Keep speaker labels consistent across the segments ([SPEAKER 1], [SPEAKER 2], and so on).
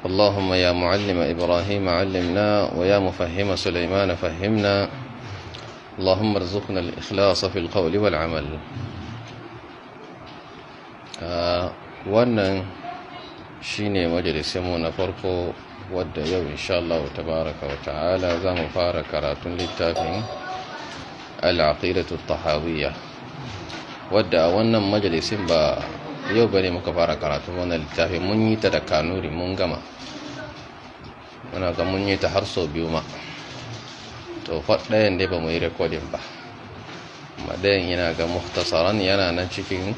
[SPEAKER 1] اللهم يا معلم إبراهيم علمنا ويا مفهم سليمان فهمنا اللهم ارزقنا الإخلاص في القول والعمل وانا شيني مجلس يمونا فرقو ود يو إن شاء الله تبارك وتعالى ذا مفارقة للتافين العقيدة الطحاوية ود وانا مجلس با yau bane muka fara karatu wannan littafi mun yi ta da kanuri mun gama muna ga mun yi ta har sau biyu ma to faɗayan dai ba mu yi rekodin ba ɗayan yana ga muhtasaran yana nan cikin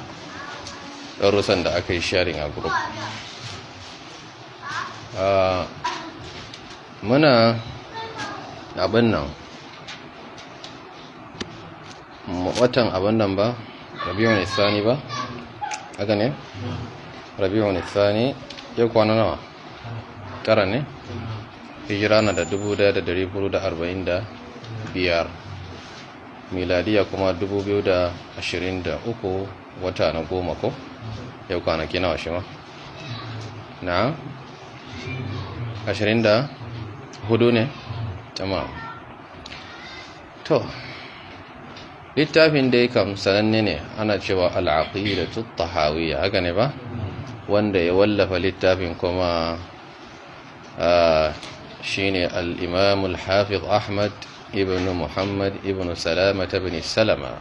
[SPEAKER 1] ɗarusan da aka yi sharing a group muna abin nan watan abin nan ba rabiyon Sani ba haka ne rabi'un Sani. ya kwana nawa tara ne hijira na da 1445 miladiya kuma 2023 wata na goma ko yau kwanaki nawa shi ma na 24 ne tamam to littafin da kam sananne ne ana cewa al'aqidatu tahawiyya haka ne ba wanda ya wallafa littafin kuma shi al al’imamul hafiz ahmad ibn muhammad ibn salama bin salama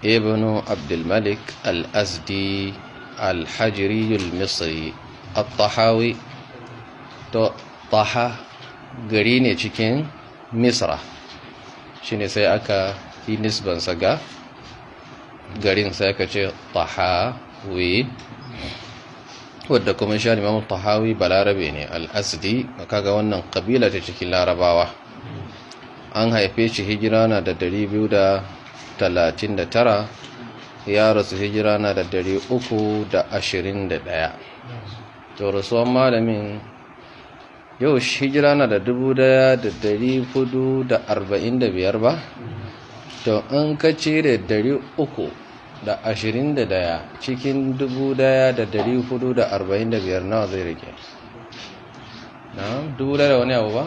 [SPEAKER 1] ibn abdulmalik al’azdi malik al al misri tahawi taha gari ne cikin misra shi ne sai aka shi nisban saga, garin sai ka ce tahawi wadda kuma sha limamu tahawi balarabe ne a kaga wannan kabila ta cikin larabawa an haife shi hijira na da 239 ya rasu hijira na da 321 to rasuwan malamin yau hijira na da 1445 ba to in ka cire dari uku da ashirin da daya cikin dubu daya da dari hudu da arba'in da biyar nawa zai rike na dubu daya da wani abu ba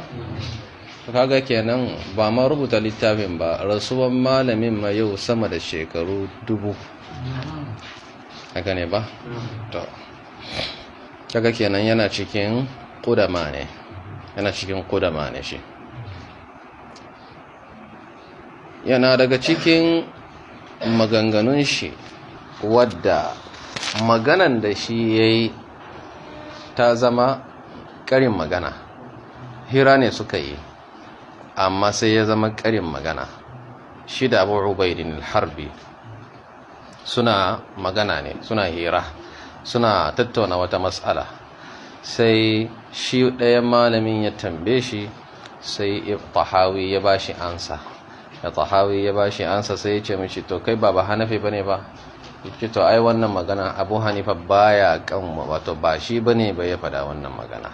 [SPEAKER 1] kaga kenan ba ma rubuta littafin ba rasuwan malamin ma yau sama da shekaru dubu haka ne ba to kaga kenan yana cikin kudama ne yana cikin kudama ne shi yana daga cikin maganganun shi wadda maganan da shi ya yi ta zama ƙarin magana hira ne suka yi amma sai ya zama ƙarin magana shi da abu ubaidin harbi suna magana ne suna hira suna tattauna wata matsala sai shi ɗayan malamin ya tambe shi sai ibtahawi ya bashi ansa da tahawi ya bashi ansa sai ya ce mishi to kai ba ba hanafi bane ba yace to ai wannan magana Abu Hanifa baya kan wato ba shi bane ba ya fada wannan magana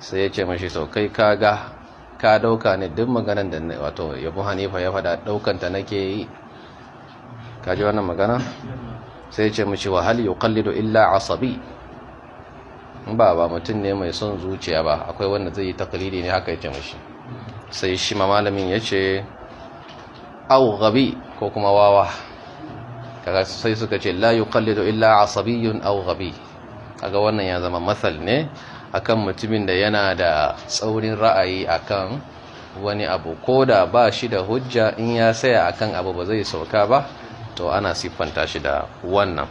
[SPEAKER 1] sai ya ce mishi to kai kaga ka dauka ne duk maganar da wato bu Hanifa ya fada daukan ta nake yi Ka ji wannan magana sai ya ce mishi wa hal yuqallidu illa asabi ba ba mutum ne mai son zuciya ba akwai wanda zai yi takalidi ne haka ya ce mashi sai shi malamin ya ce au gabi ko kuma wawa kaga sai suka ce la yuqallidu illa asabiyun au gabi kaga wannan ya zama masal ne akan mutumin da yana da tsaurin ra'ayi akan wani abu ko da ba shi da hujja in ya saya akan abu ba zai sauka ba to ana siffanta shi da wannan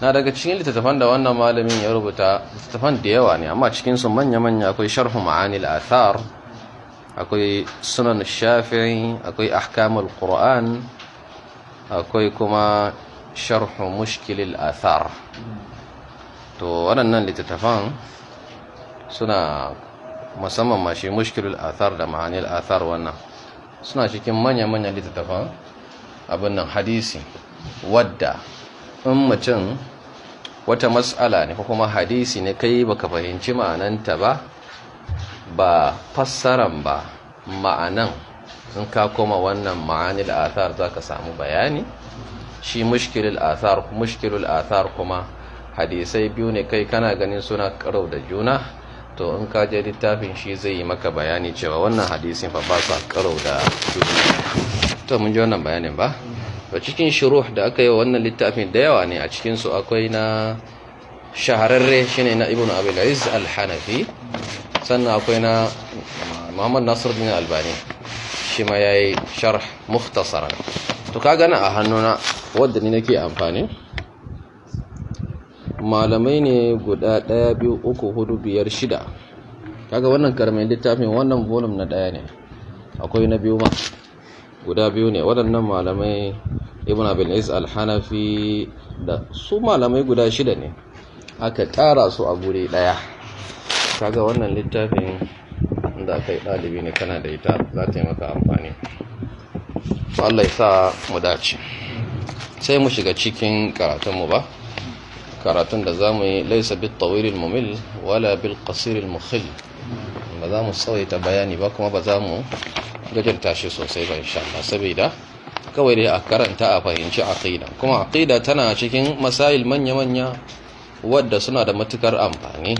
[SPEAKER 1] na daga cikin littattafan da wannan malamin ya rubuta littattafan da yawa ne amma cikinsu manya-manya akwai sharhu ma'anil athar akwai sunan shafi'i akwai ahkamul qur'an akwai kuma sharhu mushkilil athar to waɗannan littattafan suna musamman ma shi athar da ma'anil athar wannan suna cikin manya-manyan littattafan abin hadisi wadda in mutum wata matsala ne ko kuma hadisi ne kai baka fahimci ma'ananta ba ba fassaran ba ma'anan in ka koma wannan da athar za ka samu bayani shi mushkilul athar mushkilul athar kuma hadisai biyu ne kai kana ganin suna karau da juna to in ka je littafin shi zai yi maka bayani cewa wannan hadisin fa ba su karau da juna to mun ji wannan bayanin ba ba cikin shuruh da aka yi wa wannan littafin da yawa ne a cikin su akwai na shahararre shine na ibnu abdul aziz al-hanafi sannan akwai na muhammad din albani shi ma ya yi shar muhtasaran to ka gana a hannuna wadda ni nake amfani malamai ne guda ɗaya biyu uku hudu biyar shida kaga wannan karamin littafin wannan volum na ɗaya ne akwai na biyu ma guda biyu ne waɗannan malamai ibn al alhanafi da su malamai guda shida ne aka tara su a guri ɗaya kaga wannan littafin da aka yi ɗalibi ne kana da ita za ta yi maka amfani Allah ya sa mu dace sai mu shiga cikin karatunmu ba karatun da za mu yi laisa bi tawirin mumil wala bil kasirin mukhil ba za mu tsawaita bayani ba kuma ba za mu gajarta shi sosai ba insha Allah saboda kawai dai a karanta a fahimci aqida kuma aqida tana cikin masail manya-manya wadda suna da matukar amfani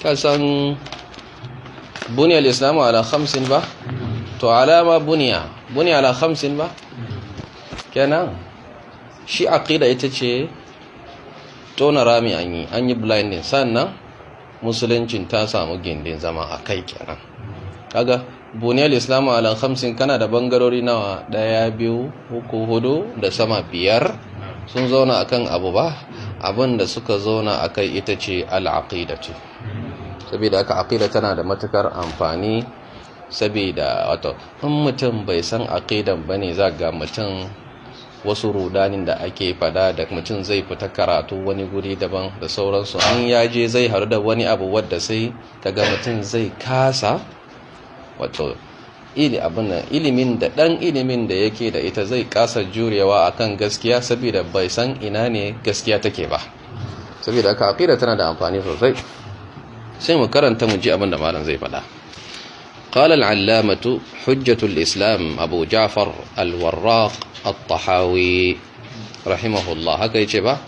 [SPEAKER 1] kasan san buniyar islamu ala hamsin ba to alama buniya buniya ala hamsin ba kenan shi aqida ita ce tona rami an yi an yi blinding sannan musuluncin ta samu gindin zama a kai kenan kaga buniyar islamu ala hamsin kana da bangarori nawa daya biyu uku hudu da sama biyar sun zauna akan abu ba abin da suka zauna akai ita ce al'aqidatu saboda aka aqida tana da matukar amfani saboda wato in mutum bai san aqidan bane za ga mutum wasu rudanin da ake fada da mutum zai fita karatu wani guri daban da sauransu in ya je zai haru da wani abu wadda sai kaga mutum zai kasa wato ilimin da ɗan ilimin da yake da ita zai kasa jurewa akan gaskiya saboda bai san ina ne gaskiya take ba saboda aka aqida tana da amfani sosai sai mu karanta mu ji abin da malam zai faɗa قال العلامة حجة الإسلام أبو جعفر الوراق الطحاوي رحمه الله هكا يجي با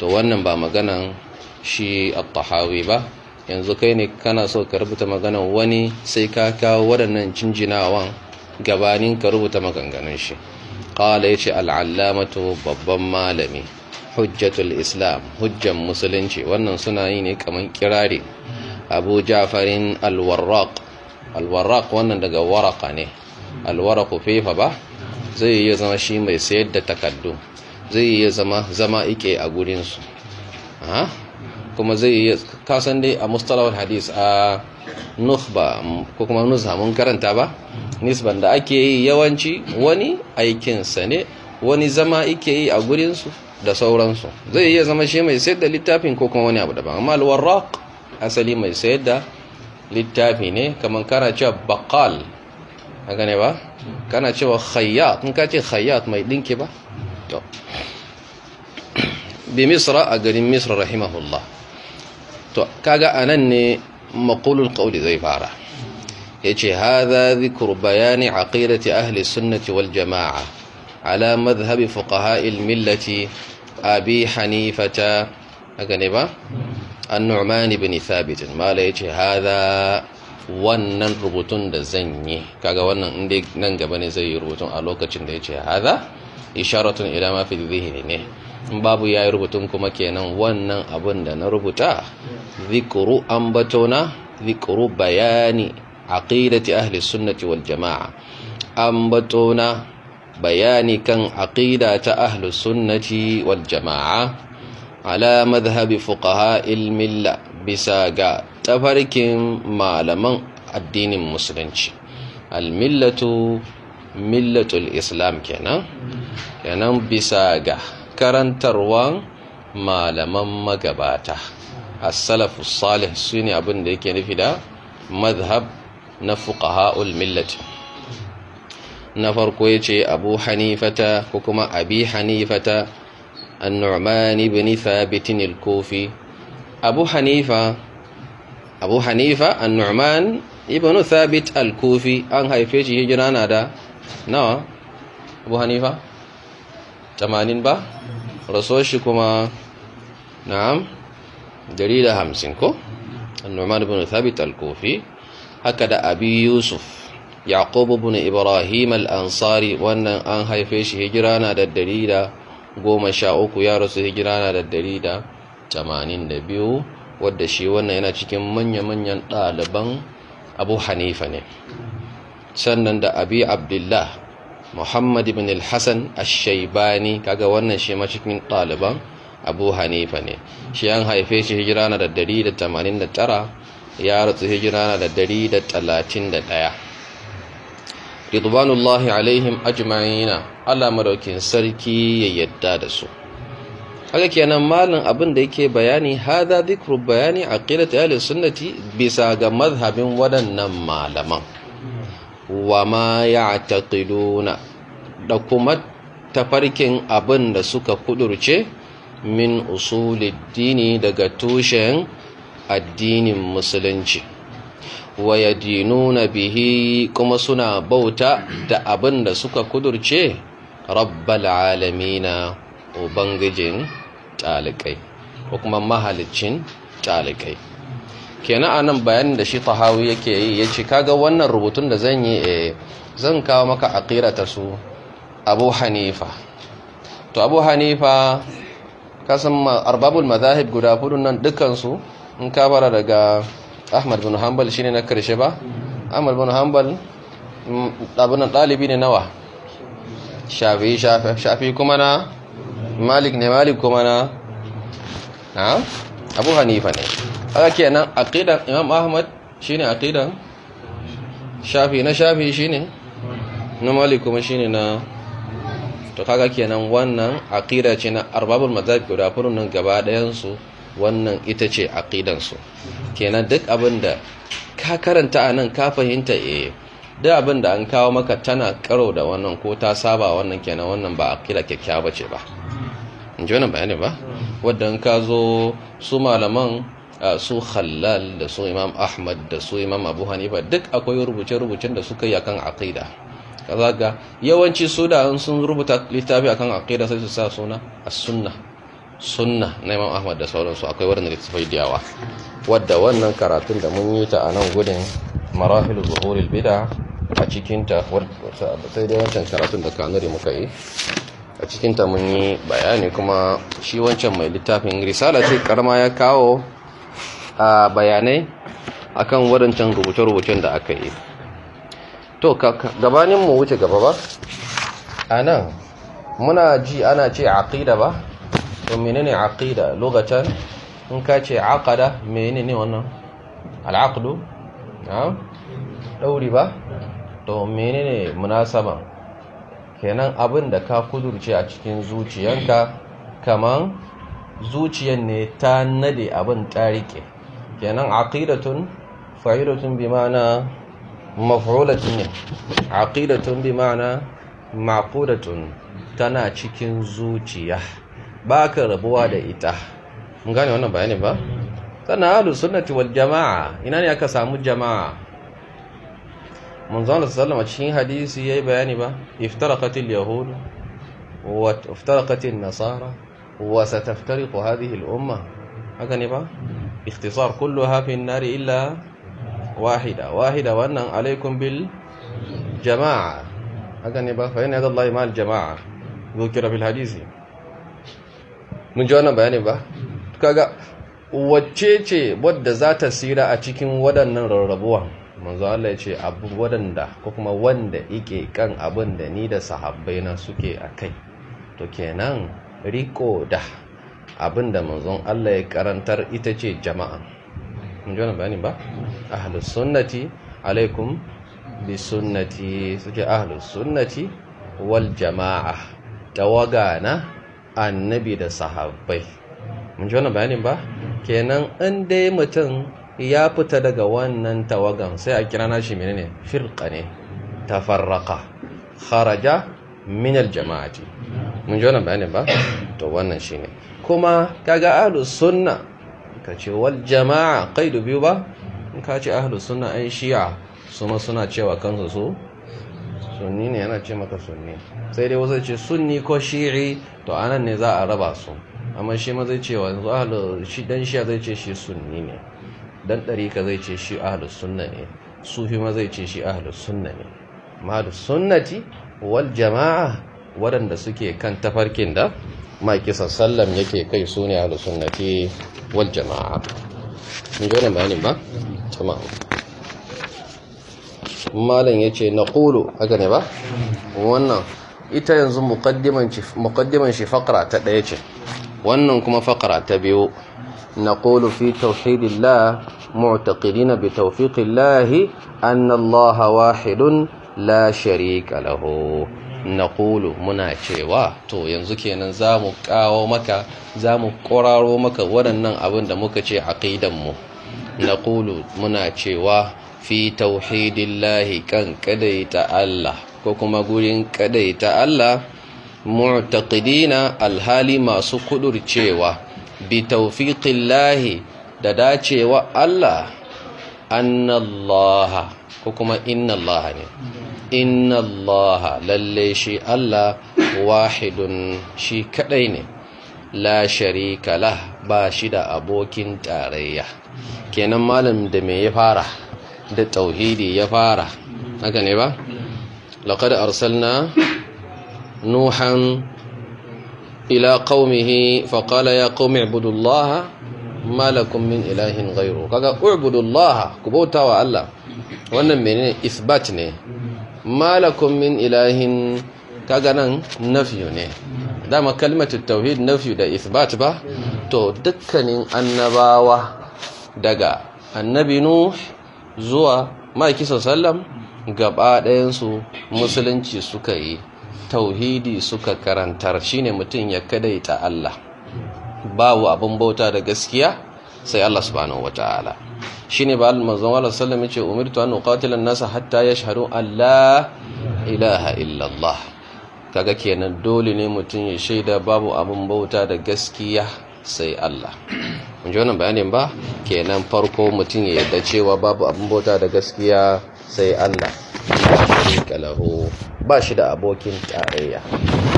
[SPEAKER 1] to wannan ba maganan shi at-tahawi ba yanzu kai ne kana so ka rubuta maganan wani sai ka kawo wadannan jinjinawan gabanin ka rubuta maganganun shi qala yace al-allamatu babban malami hujjatul islam hujjan musulunci wannan suna yi ne kamar kirari abu jafarin alwarraq alwarraq wannan daga waraka ne alwaraku fefa ba zai iya zama shi mai sayar da takaddu zai iya zama zama ike a gurinsu kuma zai iya kasan dai a mustalawar hadis a nufba ko kuma nuzha mun karanta ba nisban da ake yi yawanci wani aikinsa ne wani zama ike yi a gurinsu da sauransu zai iya zama shi mai sayar da littafin ko kuma wani abu daban amma alwarraq asali mai sayar da littafi ne kamar kana cewa bakal a gane ba kana cewa khayyat in ka ce khayyat mai dinki ba to bi misra a garin misra rahimahullah to kaga anan ne makulun kauli zai fara yace hadha dhikru bayani aqidati ahli sunnati wal jamaa ala madhhab fuqaha millati abi hanifata a gane ba An annu'man ibn thabit mala yace hada wannan rubutun da zan yi kaga wannan inda nan gaba ne zai yi rubutun a lokacin da yace hada isharatun ila ma fi dhihni ne in babu yayi rubutun kuma kenan wannan abun da na rubuta zikru ambatona zikru bayani aqidati ahli sunnati wal jamaa ambatona bayani kan aqida ta ahli sunnati wal jamaa ala madhhabi fuqaha ilmilla bisa ga tafarkin malaman addinin musulunci almillatu millatul islam kenan kenan bisa ga karantarwan malaman magabata as-salafus salih sune abin da yake nufi da madhhab na fuqaha'ul millati na farko yace abu hanifata ko kuma abi hanifata النعمان بن ثابت الكوفي أبو حنيفة أبو حنيفة النعمان ابن ثابت الكوفي أن هاي هيفيش هجرة نادا نعم أبو حنيفة تمانين با رسول شكما نعم دليل همسنكو النعمان بن ثابت الكوفي هكذا أبي يوسف يعقوب بن إبراهيم الأنصاري وأن أن هاي هيفيش هجرة نادا دليل goma sha uku ya rasu hijira na da dari da tamanin da biyu wadda shi wannan yana cikin manya-manyan ɗaliban abu hanifa ne sannan da abi abdullah muhammad ibn al-hassan ash kaga wannan shi ma cikin ɗaliban abu hanifa ne shi an haife shi hijira na da dari da tamanin da tara ya rasu hijira na da dari da talatin da ɗaya ridwanullahi alaihim ajma'ina Allah madaukin sarki ya yadda da su haka kenan malin abin da yake bayani hadha dhikru bayani aqidati ahli sunnati bisa ga mazhabin waɗannan malaman wa ma ya'taqiduna da kuma tafarkin abin da suka kudurce min dini daga tushen addinin musulunci wa yadinuna bihi kuma suna bauta da abin da suka kudurce rabbal alamina ubangijin talikai ko kuma mahalicin talikai kenan anan bayanin da shi tahawi yake yi ya ce kaga wannan rubutun da zan yi eh zan kawo maka aqirata su abu hanifa to abu hanifa kasan arbabul mazahib guda hudu nan dukansu in ka bara daga ahmad bin hanbal shine na karshe ba ahmad bin hanbal mm, abunan dalibi ne nawa shafi shafi kuma na malik ne malik kuma na na abu hanifa ne aka kenan aqidan imam ahmad shine aqidan shafi na shafi shine na malik kuma shine na to kaga kenan wannan aqida ce na arbabul mazhab guda furun nan gaba ɗayan su wannan ita ce aqidan su kenan duk abinda ka karanta anan ka fahimta eh duk abin da an kawo maka tana karo da wannan ko ta saba wannan kenan wannan ba a akila kyakkyawa ce ba in ji wannan bayani ba wadda an ka zo su malaman su halal da su imam ahmad da su imam abu hanifa duk akwai rubuce-rubucen da suka yi akan aqida kaza ga yawanci su da an sun rubuta littafi akan aqida sai su sa suna as-sunna sunna na imam ahmad da sauransu akwai wurin da littafai da yawa wadda wannan karatun da mun yi ta a nan gudun marahil zuhuril bid'a a cikin ta sai dai wancan karatun da kanuri muka yi a cikin ta mun yi bayani kuma shi wancan mai littafin risala ce karma ya kawo a bayanai akan wadancan rubuce-rubucen da aka yi to gabanin mu wuce gaba ba anan muna ji ana ce aqida ba to menene aqida lokacin in ka ce aqada menene wannan al-aqdu ɗauri ba to menene munasaban kenan abin da ka kudurce a cikin zuciyanka kaman zuciyan ne ta nade abin tarike kenan aqidatun fa'idatun bi ma'ana maf'ulatun ne aqidatun bi ma'ana maqudatun tana cikin zuciya baka rabuwa da ita mun gane wannan bayani ba sannan ahlus sunnati jamaa ina ne aka samu jamaa manzon sallallahu a cikin hadisi yayi bayani ba iftaraqat al-yahud wa iftaraqat nasara wa sataftariqu hadhihi al-umma haka ne ba ikhtisar kulluha fi an-nar illa wahida wahida wannan alaikum bil jama'a haka ne ba fa inna yadallahi ma'al jama'a dhukira bil hadisi mun ji wannan bayani ba kaga wacce ce wadda za ta sira a cikin waɗannan rarrabuwa manzo Allah ya ce abu wadanda ko kuma wanda yake kan abin da ni da sahabbai na suke kai. to kenan riko da abin da manzo Allah ya karantar ita ce jama'a mun ji wannan bayani ba ahlus sunnati alaikum bi sunnati suke ahlus sunnati wal jama'a tawaga na annabi da sahabbai mun ji wannan bayanin ba kenan in dai mutum ya fita daga wannan tawagan sai a kira nashi menene firqa ne tafarraqa kharaja min aljama'ati mun ji wannan bayanin ba to wannan shine kuma kaga ahlus sunna kace wal jama'a qaidu biyu ba ka ce ahlus sunna ai shi'a suma suna cewa kansu su sunni ne yana ce maka sunni sai dai wasu ce sunni ko shi'i to anan ne za a raba su amma shi ma zai ce wa yanzu ahlus shi dan shi'a zai ce shi sunni ne dan ɗarika zai ce shi ahalus sunna ne sufi ma zai ce shi ahalus sunna ne mahlus sunnati wal jama'a waɗanda suke kan tafarkin da makisa sallam yake kai su ne ahlus sunnati wal jama'a in ji wannan bayanin ba tamam malam na ƙulu haka ne ba wannan ita yanzu muqaddiman shi faƙara ta ɗaya ce wannan kuma faƙara ta biyu نقول في توحيد الله معتقدين بتوفيق الله أن الله واحد لا شريك له نقول muna cewa to yanzu kenan zamu kawo maka zamu koraro maka waɗannan abin da muka ce aqidan mu naqulu muna cewa fi tauhidillahi kan kadaita Allah ko kuma gurin kadaita Allah mu'taqidina alhali masu kudurcewa cewa bi tawfiqillahi da dacewa Allah annallaha ko kuma innallaha ne innallaha lalle shi Allah wahidun shi kadai ne la sharika lah ba shi da abokin tarayya kenan malam da me ya fara da tauhidi ya fara haka ne ba laqad arsalna nuhan إلى قومه فقال يا قوم اعبدوا الله ما لكم من إله غيره kaga اعبدوا الله wannan menene isbat ne malakum min ilahin kaga nan nafi ne dama kalmatu tauhid nafi da isbat ba to dukkanin annabawa daga annabi nuh zuwa maki sallam gaba ɗayan su musulunci suka yi tauhidi suka karantar shine mutum ya kadaita Allah babu abin bauta da gaskiya sai Allah subhanahu wataala shine ba al-manzon Allah sallallahu yace umirtu an uqatila an-nasa hatta yashhadu an la ilaha illa Allah kaga kenan dole ne mutum ya shaida babu abin bauta da gaskiya sai Allah mun ji wannan bayanin ba kenan farko mutum ya yarda cewa babu abin bauta da gaskiya sai Allah kalahu ba shi da abokin tarayya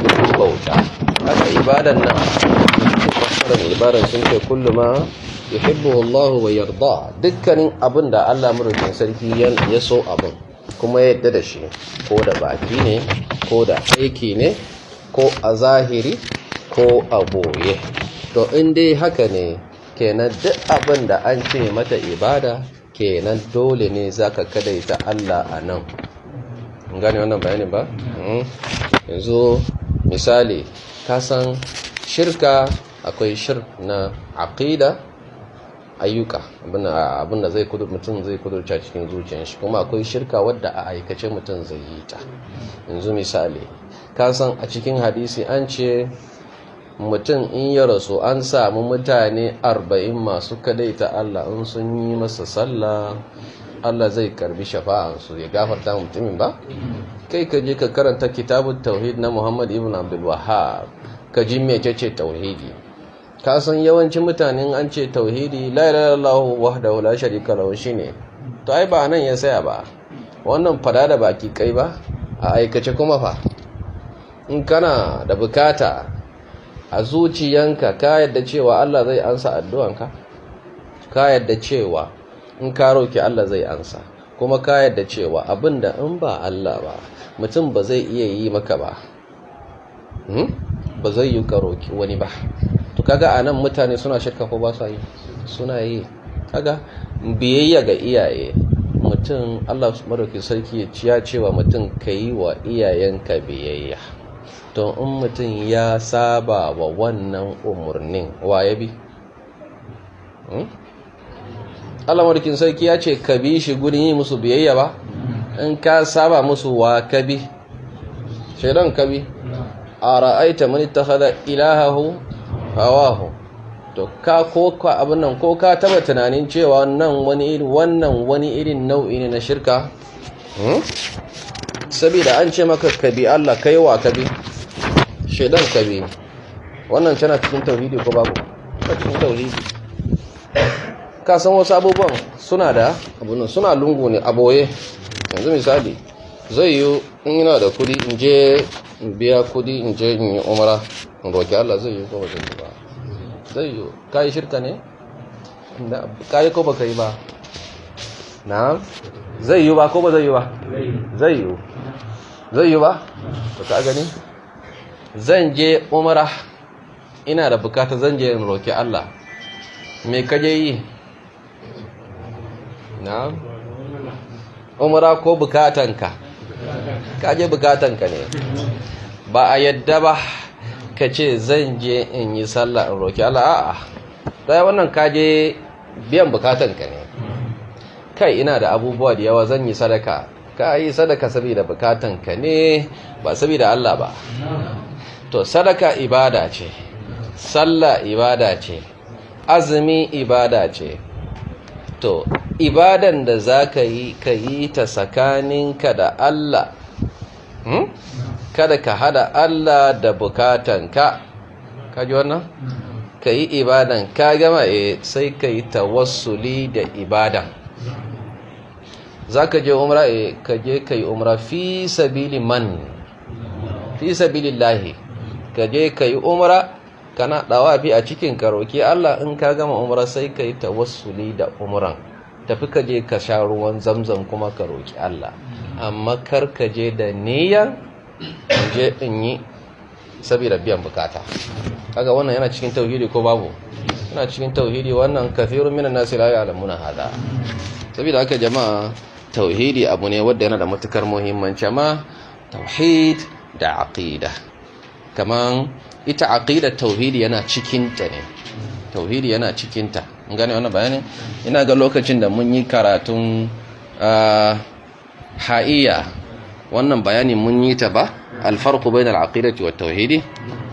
[SPEAKER 1] cikin bauta haka ibadan nan fasarar ibadan sun ce kulluma. yuhibbu yuhibbuhu wa yarda dukkanin abin da Allah murukin sarki ya so abin kuma ya yarda da shi ko da baki ne ko da aiki ne ko a zahiri ko a boye to in dai haka ne kenan duk abin da an ce mata ibada kenan dole ne zaka kadaita Allah a nan gane wannan bayanin ba hmm. yanzu misali kasan shirka akwai shir na aqida ayyuka abinda zai kudur mutum zai kudurta cikin zuciyar shi kuma akwai shirka wadda a aikace mutum zai yi ta yanzu misali kasan a cikin hadisi an ce mutum in ya rasu an samu mutane arba'in masu ta Allah in sun yi masa sallah Allah zai karbi shafa'ansu ya gafarta mutumin ba kai ka je ka karanta kitabun tauhid na Muhammad ibn Abdul Wahhab ka ji mecece tauhidi ka san yawancin mutane an ce tauhidi la ilaha illallah wahdahu la sharika lahu shine to ai ba nan ya saya ba wannan fada da baki kai ba a aikace kuma fa in kana da bukata a zuciyanka ka yadda cewa Allah zai ansa addu'anka ka yadda cewa in ka roki Allah zai ansa kuma ka yadda cewa abinda in ba Allah ba mutum ba zai iya yi maka ba hmm? ba zai yi ka roki wani ba to kaga anan mutane suna shakka ko ba su yi suna yi kaga biyayya ga iyaye mutum Allah su wa sarki ya ciya cewa mutum ka yi wa iyayenka biyayya to in mutum ya saba wa wannan umarnin ya bi hmm? alamarkin sarki ya ce ka bi shi gurin yi musu biyayya ba in ka saba musu wa ka bi shaidan ka bi a ra'aita mani ta hada ilahahu hawahu to ka ko ka abin nan ko ka taba tunanin cewa nan wani irin wannan wani irin nau'i ne na shirka hmm? sabida an ce maka ka bi Allah kai wa ka bi shaidan kame wannan tana cikin tauridi ko babu ka cikin tauridi ka san wasu abubuwan suna da abunan suna lungu ne a boye yanzu misali zai yi in yana da kudi in je in biya kudi in je in yi umara in roƙi Allah zai yi ko ba zai ba zai yi ka yi shirka ne ka yi ko ba ka yi ba na zai yi ba ko ba zai yi ba zai yi zai yi ba ka gani zan je umara ina da bukata zan je in roƙi Allah me kaje yi na umara ko bukatanka kaje bukatanka ne ba a yadda ba ka ce zan je in yi sallah in roƙi Allah a'a ɗaya wannan kaje biyan bukatanka ne kai ina da abubuwa da yawa zan yi sadaka ka yi sadaka saboda bukatanka ne ba saboda Allah ba to sadaka ibada ce sallah ibada ce azumi ibada ce to ibadan da za ka yi ka yi ta tsakaninka da Allah hmm? kada ka hada Allah da bukatanka ka ji wannan ka yi ibadan ka gama e sai ka yi tawassuli da ibadan za eh, ka je umra ka je ka yi umra fi sabili man fi sabili lahi ka je ka yi umra kana bi a cikin karoki Allah in ka gama umra sai ka yi tawassuli da umran tafi ka je ka sha ruwan zamzam kuma ka Allah amma kar ka je da niyyar je in yi saboda biyan bukata kaga wannan yana cikin tauhidi ko babu yana cikin tauhidi wannan kafirun minan nasi la ya'lamuna hada saboda haka jama'a tauhidi abu ne wadda yana da matukar muhimmanci ma tauhid da aqida kaman ita aqida tauhidi yana cikin ta ne tauhidi yana cikin ta gane wannan bayanin ina ga lokacin da mun yi karatun ha'iya wannan bayanin mun yi ta ba alfarqu bainal aqidati wat tauhidi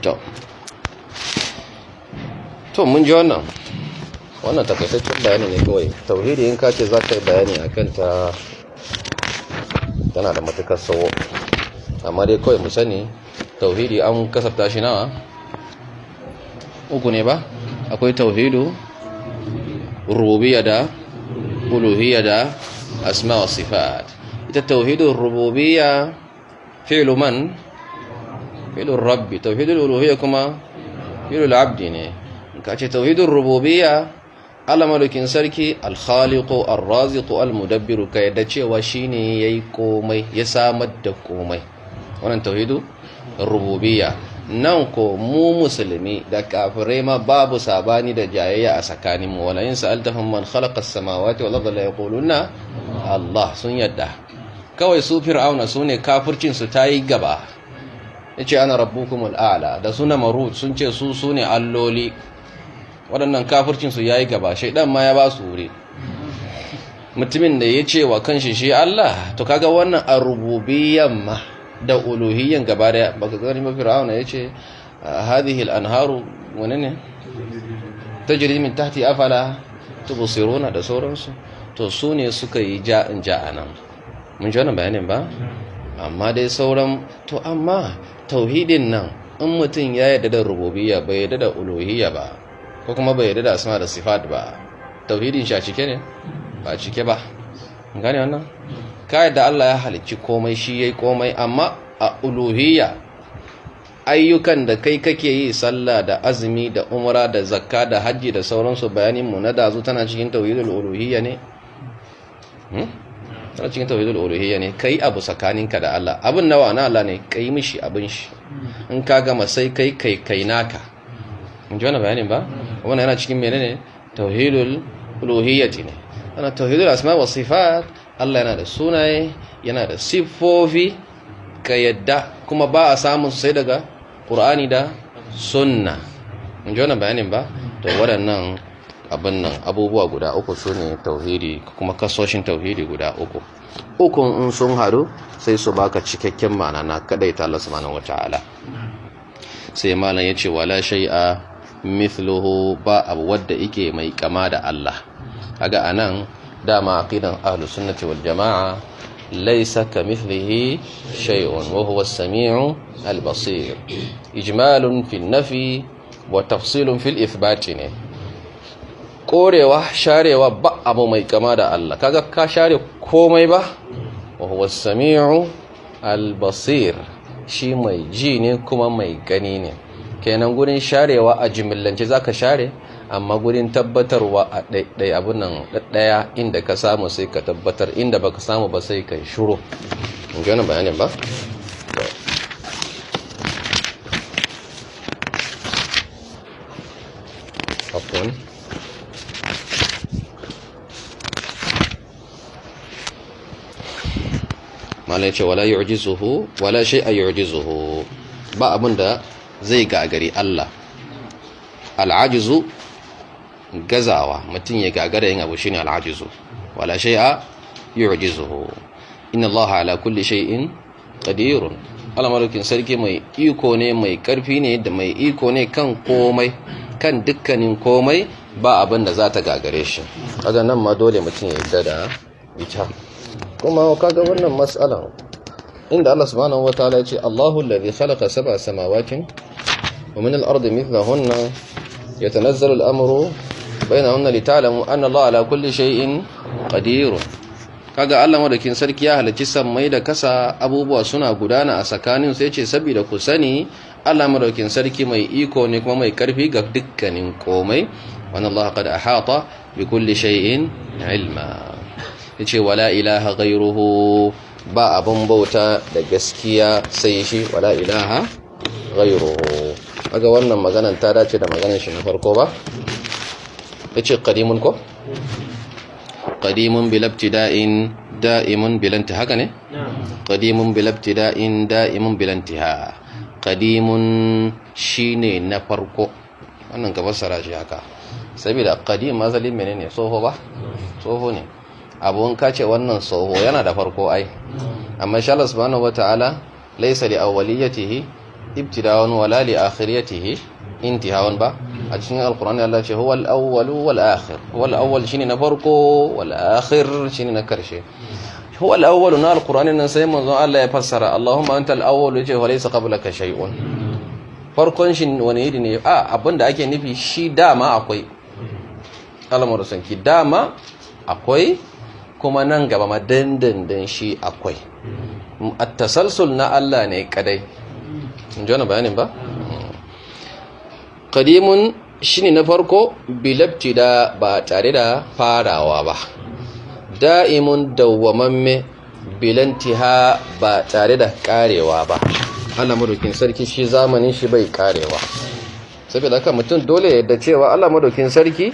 [SPEAKER 1] to to mun ji wannan wannan takaitaccen bayani ne kawai tauhidi in ka ce za ka yi bayani a kanta. tana da matukar sawo amma dai kawai mu sani tauhidi an kasafta shi nawa uku ne ba akwai tauhidu rububiyya da uluhiyya da asma wa sifat ita tauhidu rububiyya fi'lu man fi'lu rabbi tauhidu uluhiyya kuma fi'lu abdi ne ka ce tauhidu rububiyya Allah madaukin sarki alkhaliqu arraziqu almudabbiru kai da cewa shine yayi komai ya samar da komai wannan tauhidu Rububiya. nan ko mu musulmi da kafirai ma babu sabani da jayayya a tsakanin mu wala in sa'altahum man khalaqa as-samawati wal arda yaquluna Allah sun yadda kawai su fir'auna sune kafircin su tayi gaba yace ana rabbukumul a'la da suna marut sun ce su sune alloli waɗannan kafircinsu ya yi gaba shaidan ma ya ba su wuri mutumin da ya ce wa kanshi shi Allah to kaga wannan a rububiyyan ma da uluhiyyan gaba daya baka gani mafi ra'auna ya ce hadhihi al-anharu wani ne tajri min tahti afala tubsiruna da sauransu to su ne suka yi ja'in ja'anan mun ji wannan bayanin ba amma dai sauran to amma tauhidin nan in mutum ya yarda da rububiyya bai yarda da uluhiyya ba ko kuma bai yarda da asma da sifat ba tauhidin shi a cike ne ba cike ba gane wannan ka Allah ya halicci komai shi yayi komai amma a uluhiyya ayyukan da kai kake yi sallah da azumi da umra da zakka da hajji da sauransu bayanin mu na dazu tana cikin tauhidul uluhiyya ne hmm? tana cikin tauhidul uluhiyya ne kai abu tsakaninka da Allah abin nawa na Allah ne kai mishi abin shi in ka gama sai kai kai kai naka in ji bayanin ba wannan yana cikin menene tauhidul uluhiyyati ne ana tauhidul asma wa sifat Allah yana da sunaye yana da sifofi, ka yadda kuma ba a samun sai daga Qur'ani da sunna in ji bayanin ba to waɗannan abin nan abubuwa guda uku su ne tauhidi kuma kasoshin tauhidi guda uku Uku in sun haru sai su baka cikakken ma'ana na kadaita Allah subhanahu wataala sai malam ce wala shai'a. misluhu ba abu wadda yake mai kama da Allah kaga anan dama aqidan ahlus sunnati wal jamaa laysa kamithlihi shay'un wa huwa as-sami'u al-basir ijmalun fil nafi wa tafsilun fil ithbat ne korewa sharewa ba abu mai kama da Allah kaga ka share komai ba wa huwa as-sami'u al-basir shi mai ji ne kuma mai gani ne kenan gurin sharewa a jimillance za ka share amma gurin tabbatarwa a ɗaiɗai abu nan ɗaya inda ka samu sai ka tabbatar inda ba ka samu ba sai ka shuro in ji wani bayanin ba malai ce wala yi ujizuhu wala shi a yi ujizuhu ba abinda zai gagari Allah al'ajizu gazawa mutum ya gagara yin abu shine al'ajizu wala shay'a yu'jizuhu inna Allaha ala kulli shay'in qadirun alamarukin sarki mai iko ne mai karfi ne da mai iko ne kan komai kan dukkanin komai ba abin da za ta gagare shi kaga nan ma dole mutum ya yarda da ita kuma kaga wannan matsalan inda Allah subhanahu wataala ya ce Allahu allazi khalaqa sab'a samawati ومن الأرض مثلهن يتنزل الأمر بينهن لتعلموا أن الله على كل شيء قدير kaga Allah madaukin sarki ya halarci sammai da kasa abubuwa suna gudana a tsakanin sai ce saboda ku sani Allah madaukin sarki mai iko ne kuma mai karfi ga dukkanin komai wannan Allah qad ahata bi kulli shay'in ilma yace wala ilaha ghayruhu ba abun bauta da gaskiya sai shi wala ilaha ghayruhu aga wannan maganan ta dace da maganan shi na farko ba ya ce ƙadimun ko? ƙadimun bilabtida'in da'imun bilanti haka ne? ƙadimun bilabtida'in da'imun bilanti ha ƙadimun shi ne na farko wannan gaba sara shi haka saboda ƙadim mazalin mene ne tsoho ba? tsoho ne abuwan kace wannan tsoho yana da farko ai amma shalas banu wata'ala laisa li awwaliyatihi ibtidawan wala li akhiriyatihi intihawan ba a cikin alkur'ani Allah ce huwal awwalu wal akhir huwal awwal shine na farko wal akhir shine na karshe huwal awwalu na alkur'ani nan sai manzon Allah ya fassara Allahumma antal awwalu ce walaysa qablaka shay'un farkon shi wani yidi ne a abinda ake nufi shi dama akwai al'amuran sanki dama akwai kuma nan gaba ma shi akwai at-tasalsul na Allah ne kadai in ji bayanin ba ƙadimun shi ne na farko bilabti da ba tare da farawa ba da'imun dawwamamme bilantiha ba tare da karewa ba Allah madaukin sarki shi zamanin shi bai karewa saboda haka mutum dole yadda cewa Allah madaukin sarki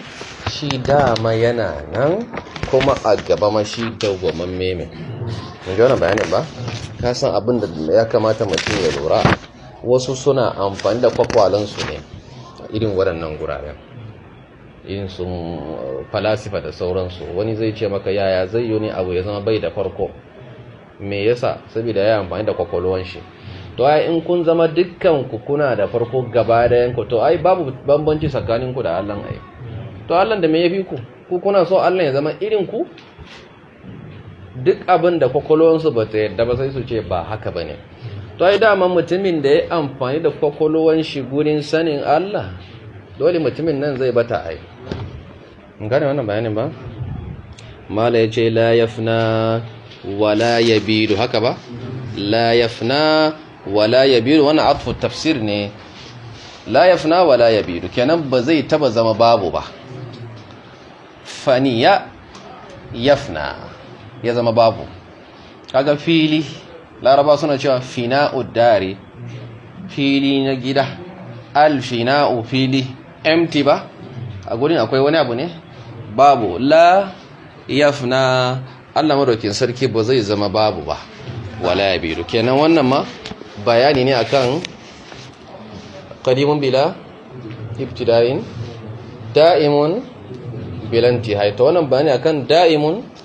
[SPEAKER 1] shi dama yana nan kuma a gaba ma shi dawwamamme mai. mun ji bayanin ba ka san abin da ya kamata mutum ya lura wasu suna amfani da kwakwalansu ne irin waɗannan guraren in sun eh, falasifa da sauransu wani zai ce maka yaya zai yi ne abu ya zama bai da farko me yasa saboda ya amfani da kwakwalwan shi to ai in kun zama dukkan ku kuna da farko gaba da yanku to ai babu bambanci tsakanin ku da Allah ai to Allah da me yafi ku ku kuna so Allah ya zama irin ku duk abin da kwakwalwansu ba ta yadda ba sai su ce ba haka ba ne to ai dama mutumin da ya amfani da kwakwalwan shi gurin sanin Allah dole mutumin nan zai bata ai gane wannan bayanin ba mala ya ce la yafna wa la yabidu haka ba la yafna wa la yabidu wannan atfu tafsir ne la yafna wa la yabidu kenan ba zai taba zama babu ba faniya yafna ya zama babu kaga fili laraba suna cewa fina'ud dari fili na gida al fina'u fili empty ba a gurin akwai wani abu ne babu la yafna Allah madaukin sarki ba zai zama babu ba wala yabiru kenan wannan ma bayani ne akan qadimun bila ibtida'in da'imun bilanti haita wannan bayani akan da'imun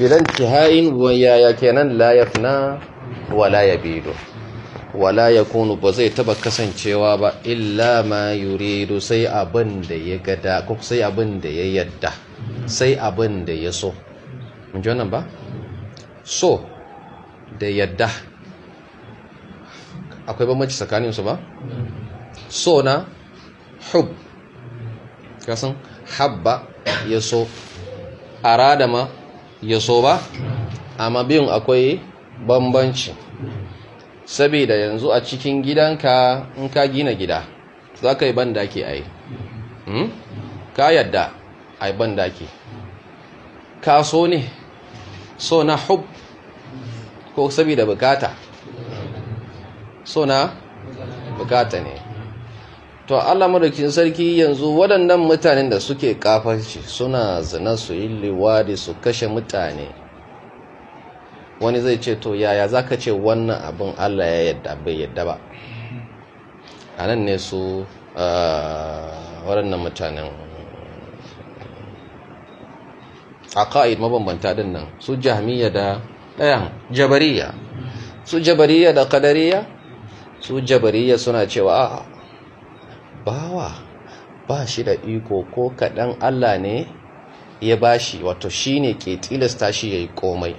[SPEAKER 1] bilan tihain yaya kenan la yafna wala yabidu wala yakunu ba zai taba kasancewa ba illa ma yuridu sai abin da ya gada ko sai abin da ya yadda sai abin da ya so mun ji wannan ba so da yadda akwai bambanci tsakanin su ba so na hub kasan habba ya so arada ma ya so ba amma biyun akwai bambanci saboda yanzu a cikin gidanka in ka gina gida za ka yi bandaki a yi hmm? ka yadda a yi ke ka so ne so na hub ko saboda bukata so na bukata ne to Allah madaukin sarki yanzu waɗannan mutanen da suke kafarci suna zina su yi liwadi su kashe mutane wani zai ce to yaya za ka ce wannan abin Allah ya yadda bai yadda ba a nan ne su waɗannan mutanen a ƙa'id mabambanta din nan su jami'a da ɗayan jabariya su jabariya da ƙadariya su jabariya suna cewa a. bawa ba shi da iko ko kaɗan Allah ne ya ba shi wato shi ne ke tilasta shi ya yi komai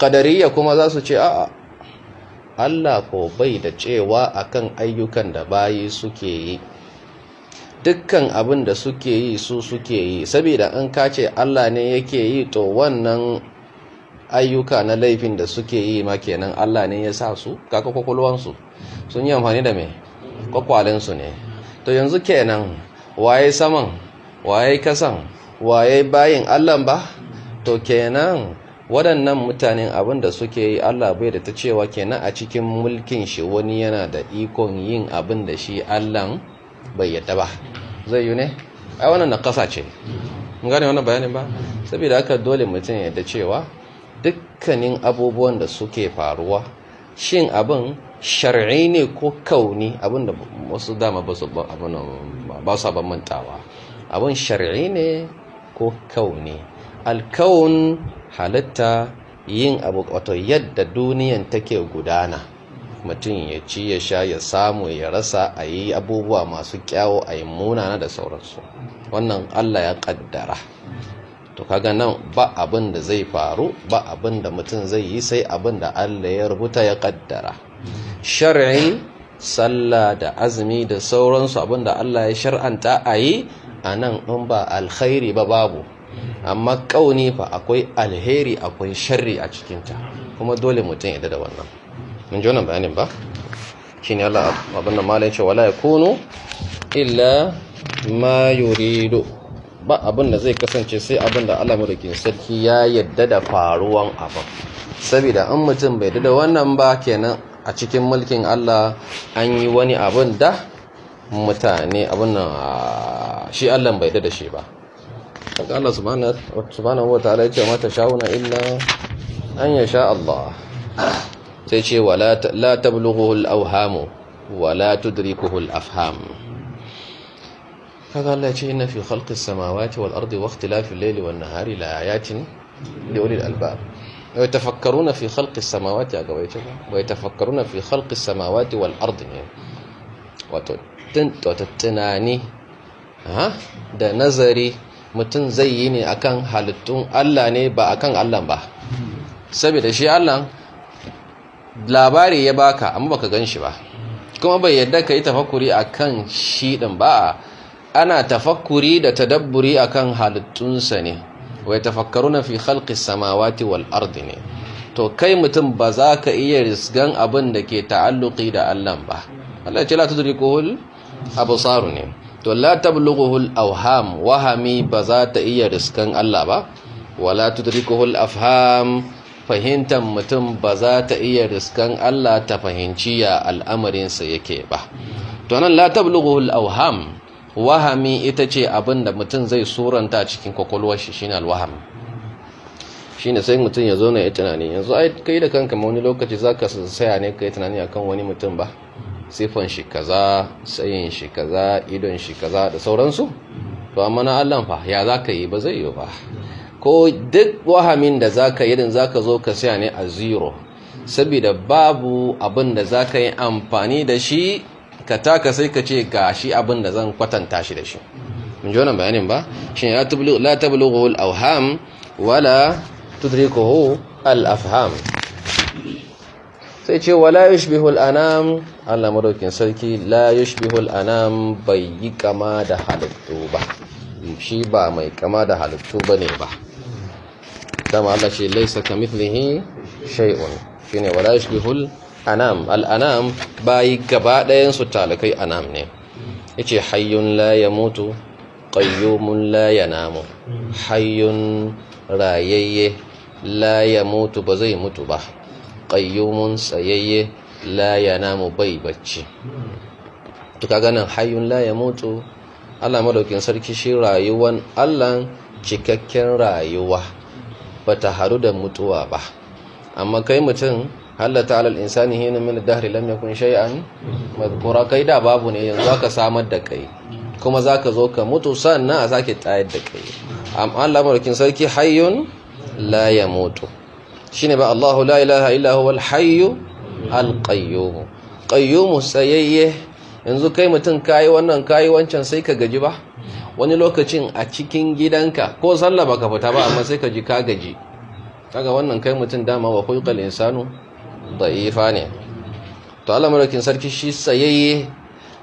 [SPEAKER 1] ƙadariya kuma za su ce a'a Allah ko bai da cewa akan ayyukan da bayi suke yi dukkan abin da suke yi su suke yi saboda an kace Allah ne yake yi to wannan ayyuka na laifin da suke yi ma kenan Allah ne ya sa su kaka kwakwalwansu sun yi amfani da mai kwakwalin su ne to yanzu kenan waye saman waye kasan waye bayin allan ba to kenan waɗannan mutanen abin suke yi Allah bai da ta cewa kenan a cikin mulkin shi wani yana da ikon yin abinda da shi allan bai yadda ba zai yi ne ai wannan na kasa ce gane wannan bayanin ba saboda haka dole mutum da cewa dukkanin abubuwan da suke faruwa shin abin shar'i ne ko kauni abinda wasu dama ba su mantawa abin shar'i ne ko kauni alkaun halitta yin abu wato yadda duniyan take gudana mutum ya ci ya sha ya samu ya rasa a yi abubuwa masu kyawo a yi munana da sauransu wannan allah ya kaddara to kaga nan ba abin da zai faru ba abin da mutum zai yi sai abin da allah ya rubuta ya kaddara shar'in sallah da azumi da sauransu abinda Allah ya shar'anta a yi a nan in ba alkhairi ba babu amma ƙauni fa akwai alheri akwai shari a cikinta kuma dole mutum ya da wannan mun ji wannan bayanin ba shi ne Allah abinda malai ce wala ya kunu illa ma yurido ba abinda zai kasance sai abinda Allah mulkin sarki ya yadda da faruwan abin saboda in mutum bai da wannan ba kenan a cikin mulkin Allah an yi wani abin da mutane abin nan shi Allah bai da shi ba daga Allah subhanahu wa ta'ala ya ce mata shawuna illa an ya sha Allah sai ce la tablughuhu al wa la tudrikuhu al-afham kaga Allah ce inna fi khalqis samawati wal ardi wa ikhtilafil layli wan nahari la ayatin li ulil albab ويتفكرون في خلق السماوات a gaba ita ويتفكرون في خلق السماوات والارض ne wato tunani da nazari mutum zai yi ne akan halittun Allah ne ba akan Allah ba saboda shi Allah labari ya baka amma baka shi ba kuma bai yadda ka yi tafakkuri akan shi din ba ana tafakkuri da tadabburi akan halittunsa ne wai tafakkaruna fi khalqis samawati wal ardi ne to kai mutum ba za ka iya risgan abin da ke ta'alluqi da Allah ba Allah ya ce la tudrikuhul absaru ne to la tablughuhul awham wahami ba za ta iya risgan Allah ba wala tudrikuhul afham fahimtar mutum ba za ta iya risgan Allah ta fahimci ya al'amarinsa yake ba to nan la tablughuhul awham wahami ita ce abin da mutum zai suranta cikin kwakwalwa shi shine alwaham ne sai mutum ya zo na ya tunani yanzu ai kai da kanka wani lokaci za ka saya ne ka yi tunani akan wani mutum ba Sifon shi kaza sayin shi kaza idon shi kaza da sauransu to amma na Allah fa ya ka yi ba zai yi ba ko duk wahamin da za ka yi din ka zo ka saya ne a zero saboda babu abin da za ka yi amfani da shi ka taka sai ka ce ga shi abin da zan kwatanta shi da shi mun ji wannan bayanin ba shin ya tablu la tablughu al awham wala tudrikuhu al afham sai ce wala yushbihu al anam Allah madaukin sarki la yushbihu al anam bai yi kama da halittu ba shi ba mai kama da halittu bane ba dama Allah shi laisa kamithlihi shay'un shine wala yushbihu al anam al'anam bayi gaba su talakai anam ne ya ce hayyun la ya mutu ƙayyumun la namu hayyun rayayye la mutu ba zai mutu ba ƙayyumun tsayayye la namu bai bacci tuka ganin hayyun la ya mutu allah madaukin sarki shi rayuwan allah cikakken rayuwa ba ta haru da mutuwa ba amma kai mutum halatta alal insani hina min dahri lam yakun shay'an madhkura kai da babu ne yanzu aka samar da kai kuma zaka zo ka mutu sannan a sake tayar da kai amma Allah mulkin sarki hayyun la yamutu shine ba Allahu la ilaha illa huwa al hayyu al qayyum qayyum yanzu kai mutum kayi wannan kayi wancan sai ka gaji ba wani lokacin a cikin gidanka ko sallah baka fita ba amma sai ka ji ka gaji kaga wannan kai mutum dama wa khulqal insanu da'ifa ne to Allah madaukin sarki shi tsayayye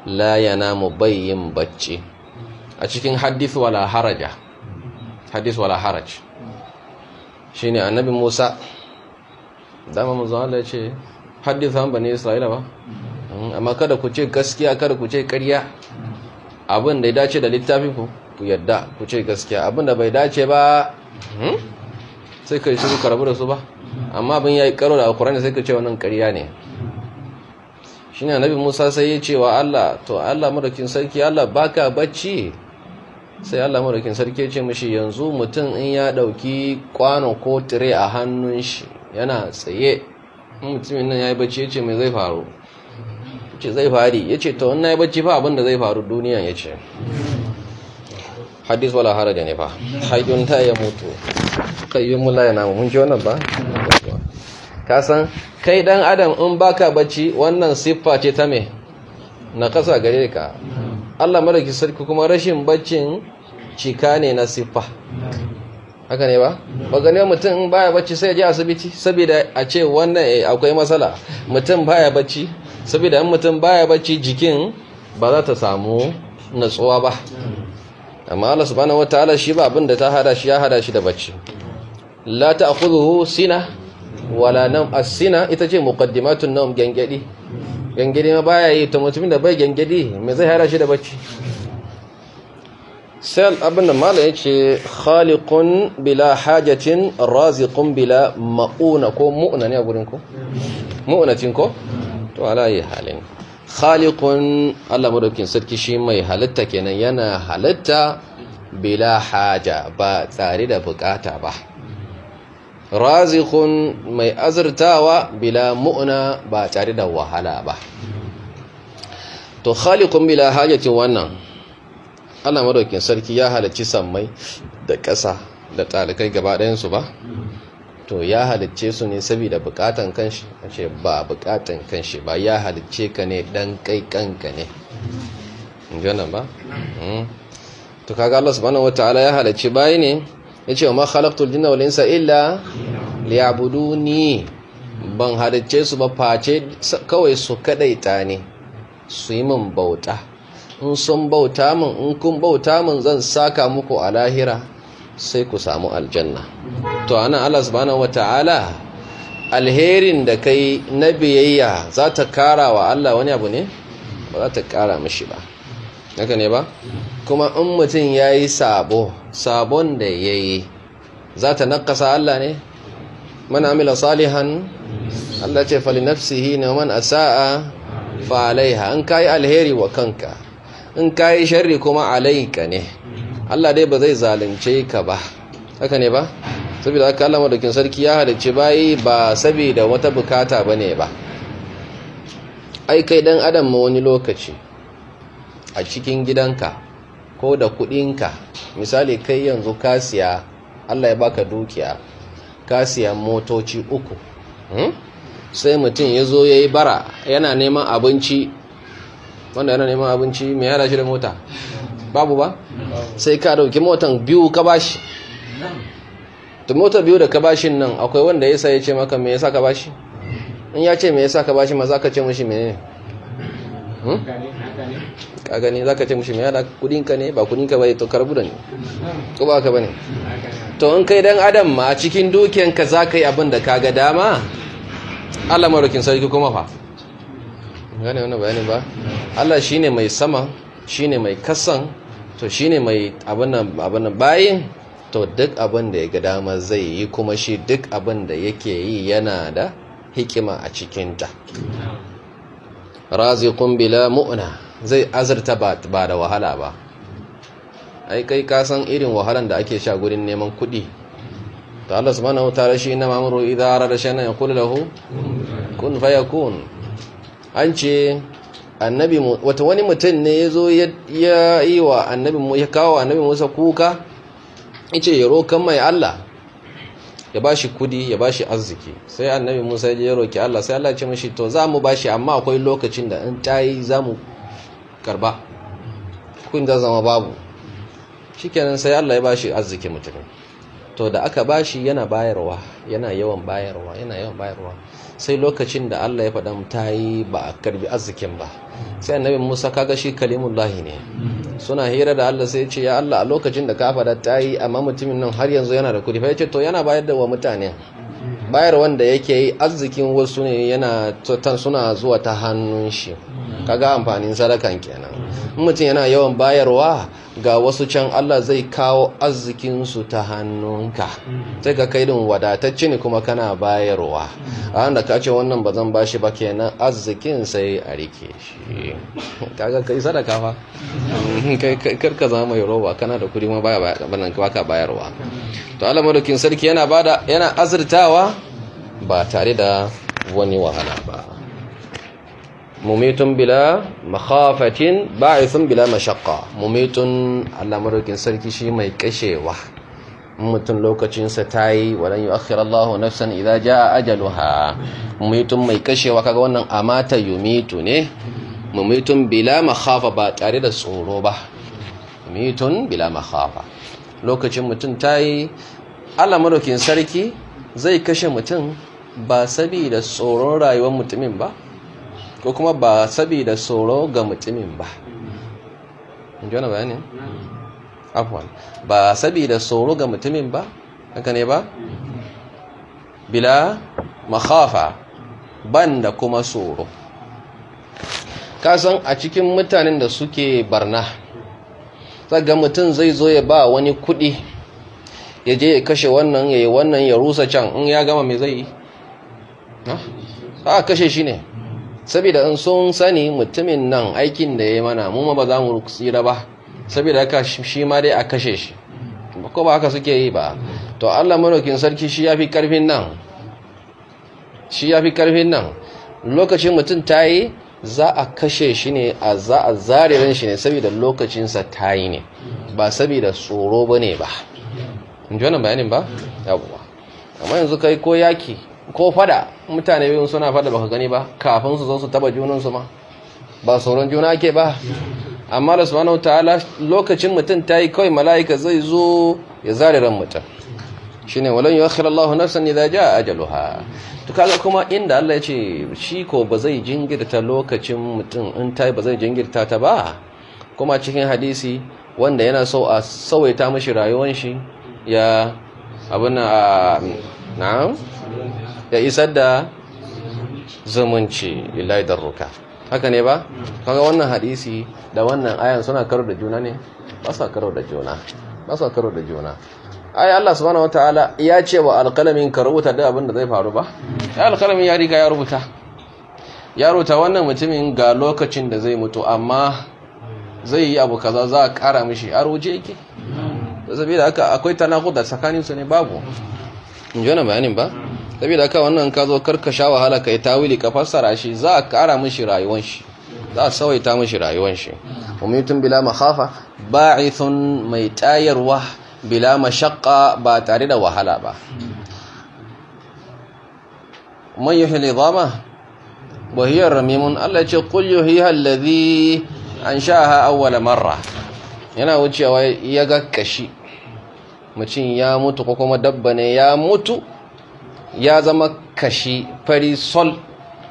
[SPEAKER 1] la yanamu bayyin bacci a cikin hadith wala haraja hadith wala haraj shine annabi Musa dama mu Allah ya ce hadith bani Isra'ila ba
[SPEAKER 2] hmm,
[SPEAKER 1] amma kada ku ce gaskiya kada ku ce ƙarya abin da ya dace da littafin ku ku yadda ku ce gaskiya abin da bai dace ba hmm, sai kai shiru karabu da su ba amma abin ya yi karo da alkurani sai ka ce wannan karya ne shi ne annabi musa sai ya ce wa allah to allah madaukin sarki allah baka bacci sai allah madaukin sarki ya ce mashi yanzu mutum in ya dauki kwano ko tire a hannun shi yana tsaye mutumin nan ya yi bacci ya ce mai zai faru ce zai fari ya ce ta wannan ya bacci fa abinda zai faru duniya ya ce hadis wala haraja ne fa haidun ta ya mutu kayyun mula ya namu mun ji wannan ba kasan kai dan adam in baka bacci wannan siffa ce ta me na kasa gare ka Allah madaki sarki kuma rashin baccin cika ne na siffa haka ne ba ba gane mutum in baya bacci sai ya je asibiti saboda a ce wannan eh, akwai matsala mutum baya bacci saboda in mutum baya bacci jikin ba za ta samu natsuwa ba amma Allah subhanahu wataala shi ba abin da ta hada shi ya hada shi da bacci la ta'khudhuhu sina wala nan asina ita ce muqaddimatun nawm gangadi gangadi ma baya yi to mutumin da bai gangadi me zai hara shi da bacci sel abin da mala yace khaliqun bila hajatin raziqun bila mauna ko mu'na ne a gurin ku mu'natin ko to ala yi halin khaliqun Allah madaukin sarki shi mai halitta kenan yana halitta bila haja ba tsare da bukata ba razikun mai azurtawa bila mu'na ba tare da wahala ba to khaliqun bila hajatin wannan ana madaukin sarki ya halicci sammai da ƙasa da talikai gaba ɗayansu ba to ya halicce su ne saboda bukatan kanshi ce ba bukatan kanshi ba ya halicce ka ne dan kai kanka ne in ji wannan ba hmm. to kaga Allah subhanahu ala ya halicci bayi ne ce ma khalaqtul jinna wal insa illa liya'buduni ban halicce su ba face kawai su kadai ne su yi min bauta in sun bauta min in kun bauta min zan saka muku a lahira sai ku samu aljanna to ana Allah subhanahu wataala alherin da kai na biyayya za ta kara wa Allah wani abu ne ba za ta kara mishi ba haka ne ba kuma in mutum ya yi sabo sabon da ya yi za ta nakasa Allah ne mana amila salihan Allah ce fali nafsihi na man sa'a, fa alaiha in ka yi alheri wa kanka in ka yi sharri kuma alaika ne Allah dai ba zai zalunce ka ba haka ne ba saboda haka Allah madaukin sarki ya halicci bayi ba saboda wata bukata ne ba ai kai dan adam ma wani lokaci a cikin gidanka ko da kudinka misali kai yanzu kasiya Allah ya baka dukiya ka siya motoci uku hmm? sai mutum ya zo ya yi bara yana neman abinci wanda yana neman abinci mai yana shi da mota babu ba sai ka dauki motan biyu ka bashi to mota biyu da ka bashin nan akwai wanda ya sai ce maka me yasa ka bashi in ya ce me yasa ka bashi ma za ka ce mushi menene hmm? ka gani za ka ce mushi mai yana kudinka ne ba kudinka ba to karbu da ne ko ba ka ba ne to in kai dan adam ma a cikin dukiyanka za ka yi abin da ka ga dama allah marokin sarki kuma fa gane wani bayani ba allah shi ne mai sama shi ne mai kasan to shi ne mai abin bayin to duk abin da ya ga dama zai yi kuma shi duk abin da yake yi yana da hikima a cikinta kun bila mu'na zai azurta ba da wahala ba ai kai ka san irin wahalan da ake sha gurin neman kuɗi ta Allah subhanahu ta'ala shi na mamuru idza arada shay'an yaqulu lahu kun fayakun an ce annabi wata wani mutum ne yazo ya yi wa annabi mu ya kawo annabi Musa kuka yace ya rokan mai Allah ya bashi kudi ya bashi arziki sai annabi Musa ya je ya roki Allah sai Allah ya ce mishi to za mu bashi amma akwai lokacin da in tayi za mu karba kun da zama babu shikenan sai Allah ya bashi arziki mutumin to da aka bashi yana bayarwa yana yawan bayarwa yana yawan bayarwa sai lokacin da Allah ya faɗa mutayi ba a karbi arzikin ba sai annabi Musa kaga shi kalimullahi ne suna hira da Allah sai ya ce ya Allah a lokacin da ka faɗa tayi amma mutumin nan har yanzu yana da kudi fa ya ce to yana bayar da wa mutane bayar wanda yake yi arzikin wasu ne yana suna zuwa ta hannun shi kaga amfanin sadakan kenan mutum yana yawan bayarwa ga wasu can Allah zai kawo arzikinsu ta hannunka mm-hmm. sai ka kaidin din wadatacce ne kuma kana bayarwa mm-hmm. a da ka ce wannan ba zan bashi ba kenan arzikin sai a rike shi mm-hmm. kaga kai isa da kar ka za mai roba kana da kudi ma baka bayarwa to Allah madaukin sarki yana azurtawa ba tare da wani wahala ba mumitun bila makhafatin ba'ithun bila mashaqqa mumitun Allah madaukin sarki shi mai kashewa mutum lokacin sa tayi walan yu'akhir Allah nafsan idza jaa ajaluha mumitun mai kashewa kaga wannan amata yumitu ne mumitun bila makhafa ba tare da tsoro ba mumitun bila makhafa lokacin mutum tayi Allah madaukin sarki zai kashe mutum ba sabida tsoron rayuwar mutumin ba ko kuma ba saboda tsoro ga mutumin ba ji wani bayanin afwan ba saboda tsoro ga mutumin ba haka ne ba bila makhafa banda kuma tsoro kasan a cikin mutanen da suke barna tsaga mutum zai zo ya ba wani kudi ya je ya kashe wannan ya yi wannan ya rusa can in ya gama mai zai yi ha kashe shi ne saboda in sun sani mutumin nan aikin da ya mana mu ma ba za mu tsira ba saboda haka shi ma dai a kashe shi ko ba haka suke yi ba to Allah marokin sarki shi yafi karfin nan shi yafi karfin nan lokacin mutum tayi za a kashe shi ne a za a zare ran shi ne saboda lokacin sa tayi ne ba saboda tsoro bane ba in ji wannan bayanin ba yawwa amma yanzu kai ko yaki ko fada mutane biyun suna fada baka gani ba kafin su zo su taba junansu ma ba sauran juna ake ba amma da subhanahu ta'ala lokacin mutum ta yi kawai mala'ika zai zo ya zare ran mutum ne shine walan yuakhir Allah nafsan idza jaa ajaluha to kaga kuma inda Allah ya ce shi ko ba zai jingirta lokacin mutum in ta ba zai jingirta ta ba kuma cikin hadisi wanda yana so a sawaita mashi rayuwar shi ya na na'am ya isar da zumunci lillahi darruka haka ne ba kaga wannan hadisi da wannan ayan suna karo da juna ne ba sa karo da juna ba sa karo da juna ai Allah subhanahu wataala ya ce wa alqalamin ka rubuta da abin da zai faru ba ya alqalamin ya riga ya rubuta ya rubuta wannan mutumin ga lokacin da zai mutu amma zai yi abu kaza za a kara mishi a ruje yake saboda haka akwai tanaku da tsakaninsu ne babu in ji wani bayanin ba saboda ka wannan ka zo karkasha sha wahala kai tawili ka fassara shi za a kara mishi rayuwar shi za a sawaita mishi rayuwar shi umitun bila makhafa ba'ithun mai tayarwa bila mashaqqa ba tare da wahala ba man yuhi nizama wa hiya ramimun Allah ce qul yuhyiha alladhi anshaha awwal marra yana wucewa ya ga kashi mutum ya mutu ko kuma dabba ne ya mutu ya zama kashi fari sol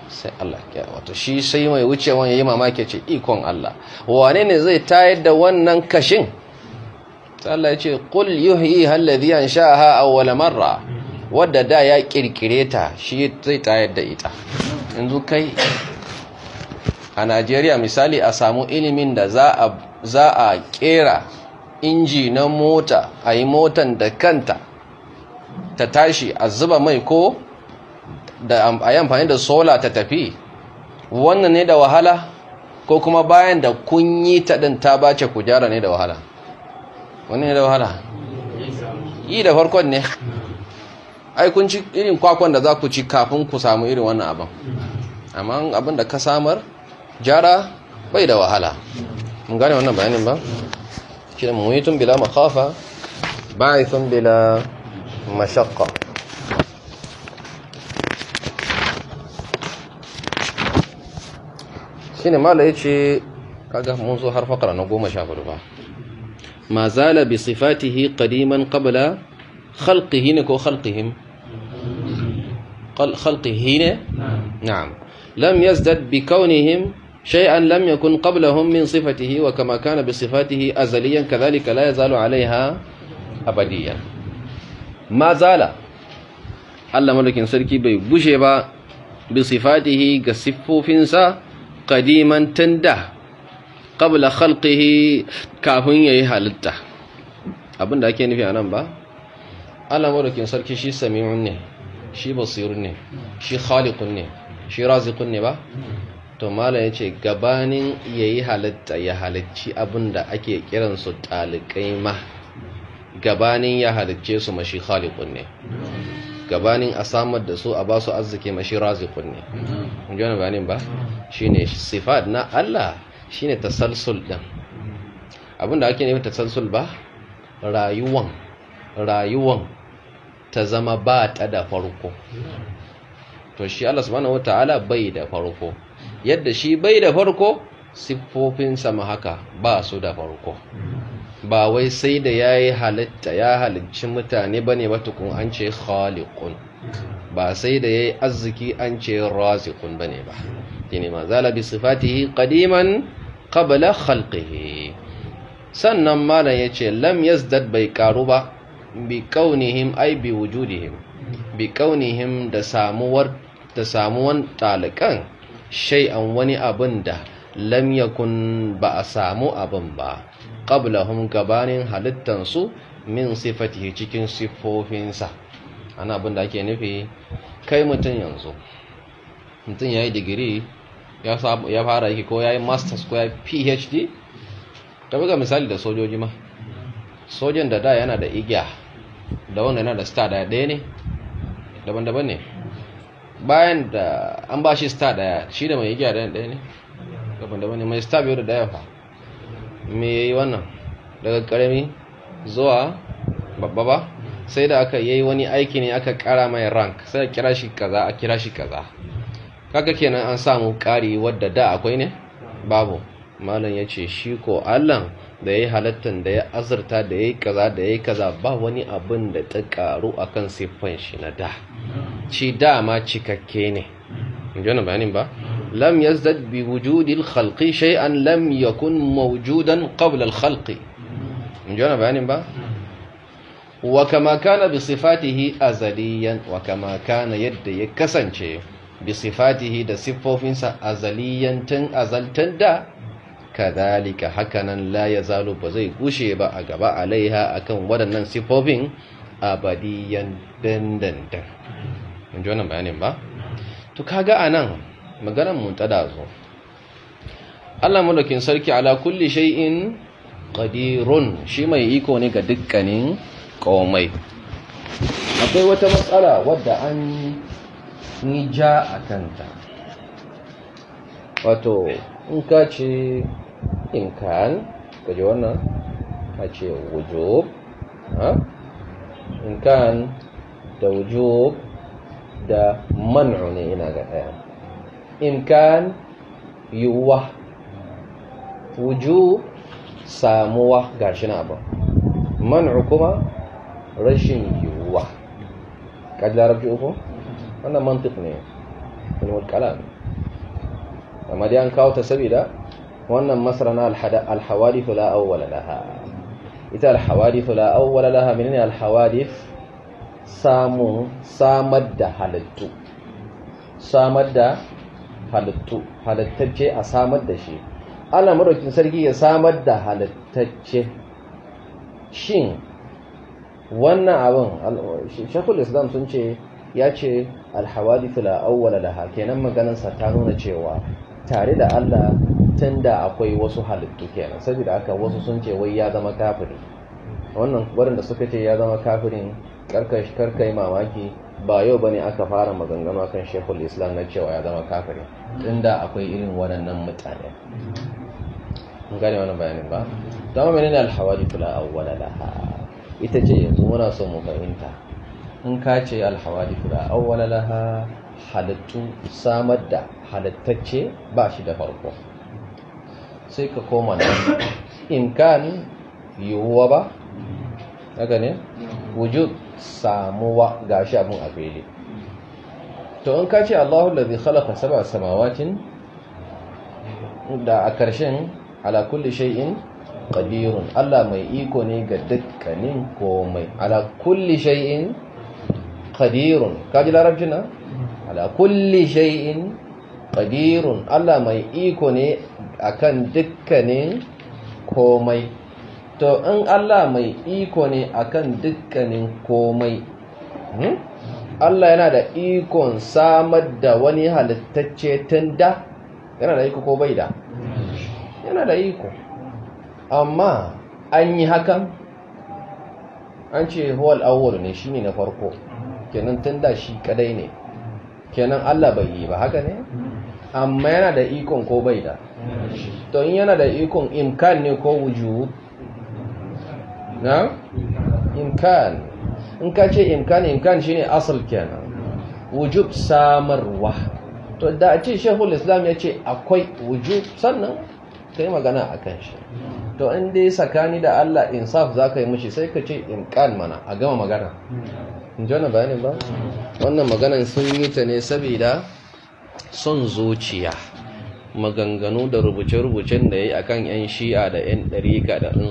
[SPEAKER 1] sai Allah ya wato shi sai mai wucewa yi mamaki ce ikon Allah wane ne zai tayar da wannan kashin Allah ya ce qul yuhyiha alladhi ansha'aha awwal marra wadda da ya kirkire ta shi zai tayar da ita yanzu kai a Najeriya misali a samu ilimin da za a za a kera injinan mota, mota ayi motan da kanta ta tashi a zuba mai ko da a yi amfani da sola ta tafi wannan ne da wahala ko kuma bayan da kun yi ta ɗin ta bace ku jara ne da wahala wani ne da wahala yi da farkon ne ai kun ci irin kwakwan da za ku ci kafin ku samu irin wannan abin amma abin da ka samar jara bai da wahala mun gane wannan bayanin ba shi da tun bila makafa ba'ithun bila مشقة شنو ما لقيتش حاجة من ظهر فقرة نقوم شافر بها ما زال بصفاته قديما قبل خلقه كو خلقهم خلقه هنا نعم. نعم لم يزدد بكونهم شيئا لم يكن قبلهم من صفته وكما كان بصفاته أزليا كذلك لا يزال عليها أبديا ma zala Allah malakin sarki bai gushe ba bi sifatihi ga siffofinsa qadiman tanda qabla khalqihi kafin yi halitta abinda ake nufi anan ba Allah malakin sarki shi sami'un ne shi basirun ne shi khaliqun ne shi raziqun ne ba to mala ce gabanin ya yi halitta ya halicci abinda ake kiransu talikai ma gabanin ya halicce su mashi khaliqun ne gabanin a samar da su a ba su arziki mashi razikun ne jona bayanin ba shine sifat na Allah shine tasalsul din abinda ake nemi tasalsul ba rayuwan rayuwan ta zama ba ta da farko to shi Allah subhanahu wataala bai da farko yadda shi bai da farko siffofinsa ma haka ba su da farko ba wai sai da ya yi halitta ya halicci mutane ba ne matukun an ce khaliqun ba sai da ya yi arziki an ce razikun ba ne ba shine ma zala bi sifatihi qadiman qabla khalqihi sannan malam yace lam yazdad bai karu ba bi kaunihim ai bi wujudihim bi kaunihim da samuwar da samuwan talikan shay'an wani abin da lam yakun ba a samu abin ba qablahum gabanin halittansu min sifati cikin siffofinsa ana abin da ake nufi kai mutum yanzu mutum ya yi digiri ya fara yake ko ya yi masters ko ya phd ta buga misali da sojoji ma sojan da da yana da igiya da wanda yana da star daya daya ne daban-daban ne bayan da an ba shi star daya shi da mai igiya daya daya ne daban-daban ne mai star biyu da daya fa me ya yi wannan daga karami zuwa babba ba sai da aka yi wani aiki ne aka kara mai rank sai da kira shi kaza a kira shi kaza kaga kenan an samu kari wadda da akwai ne babu malam ya ce shi ko Allah da ya yi halittar da ya azurta da ya yi kaza da ya yi kaza ba wani abin da ta ƙaru a kan siffan shi na da ci dama cikakke ne in ji wani bayanin ba لم يزدد بوجود الخلق شيئا لم يكن موجودا قبل الخلق من جوانا بيانين با وكما كان بصفاته أزليا وكما كان يد يكسن بصفاته دا صفوفنسا أزليا تن أزل تن دا كذلك حكنا لا يزال بزي قشي بأقبا عليها أكن ودنن صفوفن أبديا دندن دن من جوانا بيانين با تو kaga anan maganan mu ta dazo Allah madaukin sarki ala kulli shay'in qadirun shi mai iko ne ga dukkanin komai akwai wata matsala wadda an yi ja a kanta wato in ka ce imkan kaji wannan a ce wujub da wujub da man'u ne ina ga ɗaya imkan yiwuwa wuju samuwa ga shi na ba man'u kuma rashin yiwuwa kaji larabci uku wannan mantik ne ilmul kalam amma dai an kawo ta saboda wannan masara na alhawadith la awwala laha ita alhawadith la awwala laha menene alhawadith samu samar da halittu samar da halittacce a samar da shi Allah maraukin sarki ya samar da halittacce shin wannan abin shekul islam sun ce ya ce alhawadi fila auwala da kenan nan ta nuna cewa tare da Allah tun da akwai wasu halittu kenan saboda aka wasu sun ce wai ya zama kafirin? wannan da suka ce ya zama kafirin karkai mamaki ba yau bane aka fara maganganu kan shekul islam na cewa ya zama kafirin inda akwai irin waɗannan mutane gane wani bayanin ba don mene ne a wadda da laha ita ce yanzu muna son mu fahimta in ka ce a wadda da laha halittu samar da halittacce ba shi da farko sai ka koma nan imkani yiwuwa ba haka ne wujud samuwa gashi abin a fili to in ka ce Allahu allazi khalaqa sab'a samawatin da a ƙarshen ala kulli shay'in ƙadirun, Allah mai iko ne ga dukkanin komai ala kulli shay'in ƙadirun, kaji larabci na ala kulli shay'in ƙadirun, Allah mai iko ne akan dukkanin komai to in Allah mai iko ne akan dukkanin komai hmm? Allah yana da ikon samar da wani halittacce tun da yana da iko ko bai da yana da iko amma an yi hakan an ce huwal awwal ne shine na farko kenan tun da shi kadai ne kenan Allah bai yi ba haka ne amma yana da ikon ko bai da to in yana da ikon imkan ne ko wujud na imkan in ka ce imkan imkan shine asal kenan wujub samarwa to da a ce shehul islam ya ce akwai wujub sannan ka yi magana a kan shi to in dai sakani da allah insaf za ka yi mushi sai ka ce imkan mana a gama magana in ji wani ba wannan maganan sun yi ta ne saboda son zuciya maganganu da rubuce-rubucen da ya yi akan 'yan shi'a da 'yan ɗarika da ɗin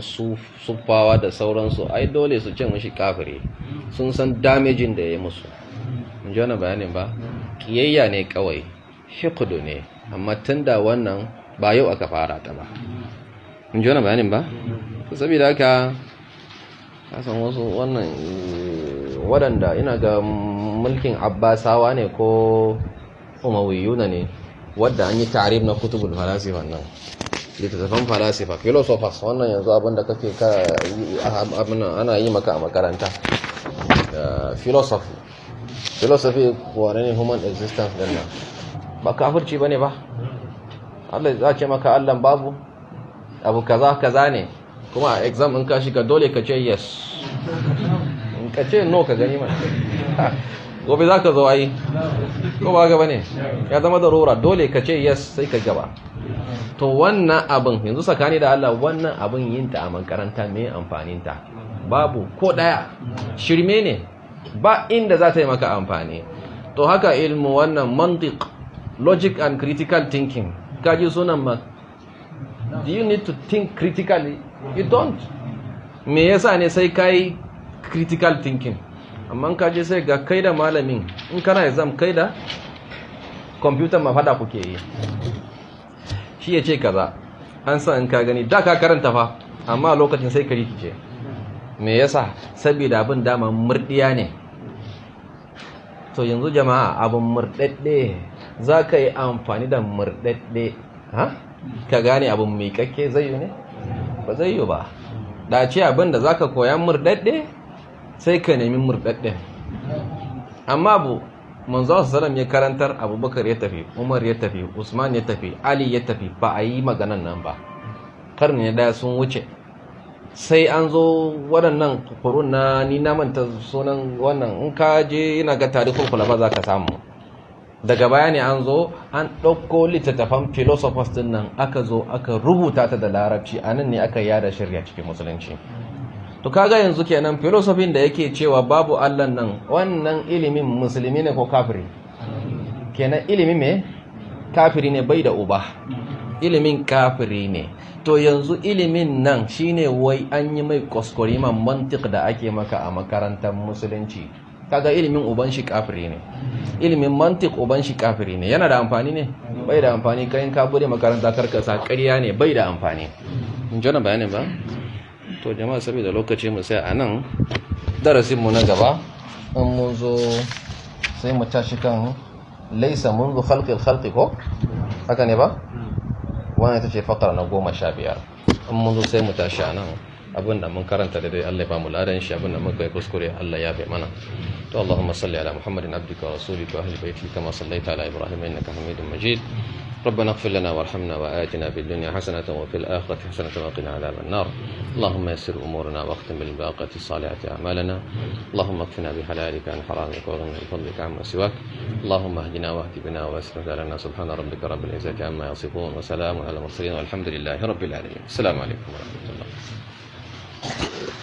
[SPEAKER 1] sufawa da sauransu ai dole su ce mashi kafire sun san damejin da ya yi musu in ji wani bayanin ba ƙiyayya ne kawai shekudu ne amma tun da wannan ba yau aka fara ta ba in ji wani bayanin ba saboda haka kasan wasu wannan waɗanda ina ga mulkin abbasawa ne ko umawiyuna ne wadda an yi tarif na kutubul falasifa nan littattafan falasifa philosophers wannan yanzu abinda kake ka abin ana yi maka a makaranta philosophy philosophy wane ne human existence din nan ba kafirci ne ba Allah ya ce maka allan babu abu kaza kaza ne kuma a exam in ka shiga dole ka ce yes in ka ce no ka gani mana gobe za ka zo ai ko ba gaba ne ya zama darura dole ka ce yes sai ka gaba to wannan abin yanzu sakani da Allah wannan abin yin ta a makaranta mai amfaninta babu ko daya shirme ne ba inda za ta yi maka amfani to haka ilmu wannan mantik logic and critical thinking kaji sunan ma do you need to think critically you don't me yasa ne sai kai critical thinking amma ka je sai ga kai da malamin in kana exam kai da kwamfutan mafada kuke yi shi ya ce kaza an san in ka gani da ka karanta fa amma lokacin sai ka rikice me yasa saboda abin dama murdiya ne to yanzu jama'a abin murdadde za ka yi amfani da murdadde ha ka gane abin mai kakke zai yi ne ba zai yi ba dace abin da za ka koya murdadde sai ka nemi murɗaɗɗen amma bu manzo sallam ya karantar abubakar ya tafi umar ya tafi usman ya tafi ali ya tafi ba a yi maganan nan ba karni na daya sun wuce sai an zo waɗannan kurun na ni na manta sunan wannan in ka je yana ga tari-kuru-kula ba za ka samu daga baya ne an zo an ɗauko littattafan philosophers din nan aka zo aka rubuta ta da larabci a nan ne aka yada shirya cikin musulunci to kaga yanzu kenan filosofin da yake cewa babu Allah nan wannan ilimin musulmi ne ko kafiri kenan ilimi me kafiri ne bai da uba ilimin kafiri ne to yanzu ilimin nan shine wai an yi mai kuskuriman mantik da ake maka a makarantar musulunci kaga ilimin uban shi kafiri ne ilimin mantik uban shi kafiri ne yana da amfani ne bai da amfani kayan ka bude makaranta karkasa ƙarya ne bai da amfani in jona bayanin ba to jama'a saboda lokaci mu sai a nan mu na gaba in mun zo sai mu tashi kan laisa mundu khalqil khalqi ko haka ne ba wannan ita ce fakar na goma sha biyar in mun zo sai mu tashi a nan abin da mun karanta da dai Allah ya bamu ladan shi abin da mun kai kuskure Allah ya bai mana to Allahumma salli ala Muhammadin abdika wa rasulika wa ahli baitika kama sallaita ala Ibrahim innaka Hamidum Majid ربنا اغفر لنا وارحمنا وآتنا في الدنيا حسنة وفي الآخرة حسنة وقنا عذاب النار اللهم يسر أمورنا واختم بالباقة الصالحة أعمالنا اللهم اكفنا بحلالك عن حرامك وغنى بفضلك عما سواك اللهم اهدنا واهد بنا واسرف لنا سبحان ربك رب العزة عما يصفون وسلام على المرسلين والحمد لله رب العالمين السلام عليكم
[SPEAKER 2] ورحمة الله